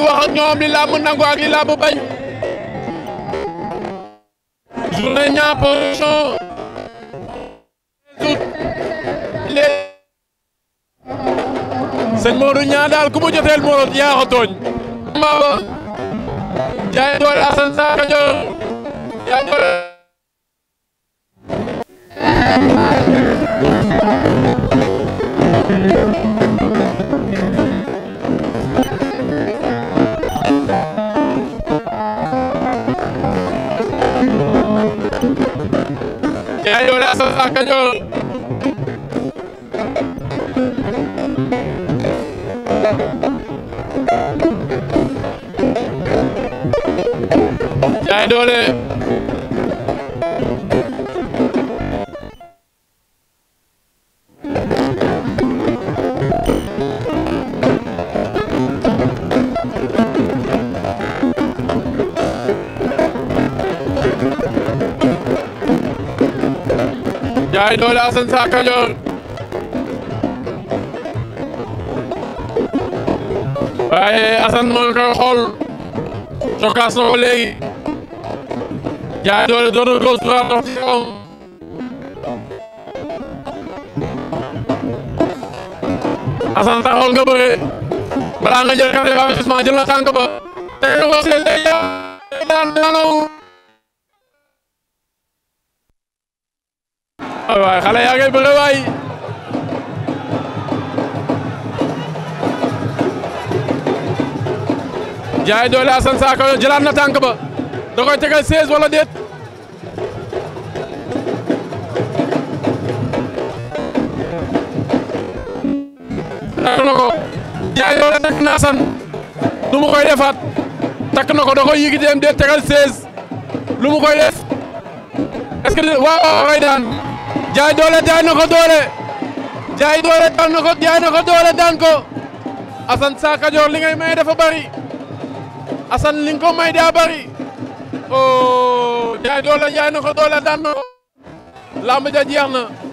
wax ak ñoom li nangu ak li làmb bañ journée Niang Production sëñ Modou Niang daal ku mu joteel Modou yaa ko tooñ maba jaay doole Assane Sarr Kajoor jaay Cañol Assasa Cañol jaay doole Ndiaye Dollé Assane Sa Cadior waaye Assane moo koy xool cokaas na ko léegi Ndiaye Dollé doon na góor suufaat dox ci kawam Assane taxawal nga bëre balaa nga jël carte d'avertissement jël na tànk ba te nga ko si daan daanoo waaye xale yaa ngay bëre waay jaay doole Assane Sakho jëlaat na tànk ba da koy tegal 16 wala takk na ko jaay doole takk na Assane lu koy defaat takk na ko da koy yigiteem déet tegal koy def est-ce que waaw waaw koy daan jaay doole jaay na ko doole jaay doole jaay na ko doole daan ko Assane Sa li ngay may dafa bari Assane li nga ko may daa bari oh jaay doole jaay na ko doole daan na ja jeex na